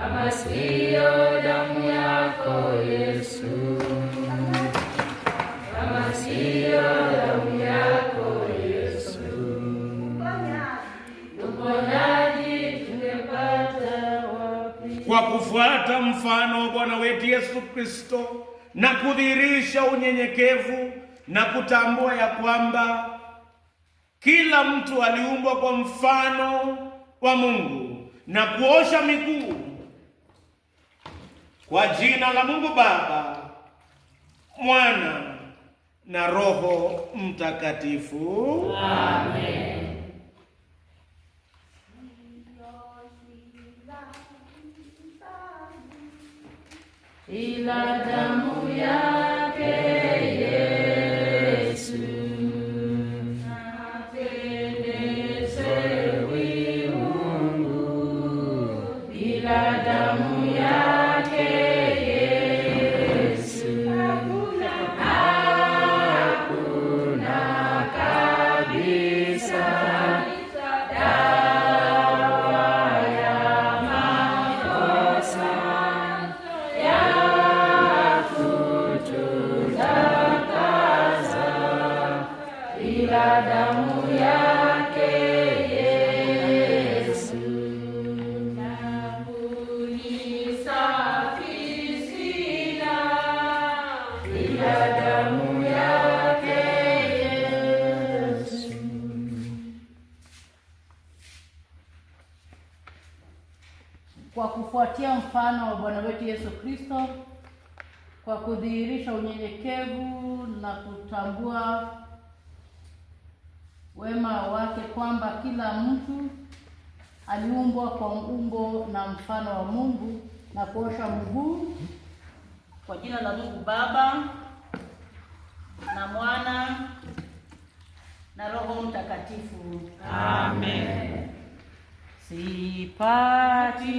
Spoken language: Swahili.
kama siyo damu yako Yesu, kama siyo damu yako Yesu, uponyaji tungepata wapi? Kwa kufuata mfano wa Bwana wetu Yesu Kristo na kudhihirisha unyenyekevu na kutambua ya kwamba kila mtu aliumbwa kwa mfano wa Mungu na kuosha miguu kwa jina la Mungu Baba, Mwana na Roho Mtakatifu, Amen. Ila damu ya bila damu yake Yesu. Kwa kufuatia mfano wa Bwana wetu Yesu Kristo, kwa kudhihirisha unyenyekevu na kutambua wema wake kwamba kila mtu aliumbwa kwa umbo na mfano wa Mungu na kuosha mguu kwa jina la Mungu Baba na Mwana na Roho Mtakatifu. Amen. Sipati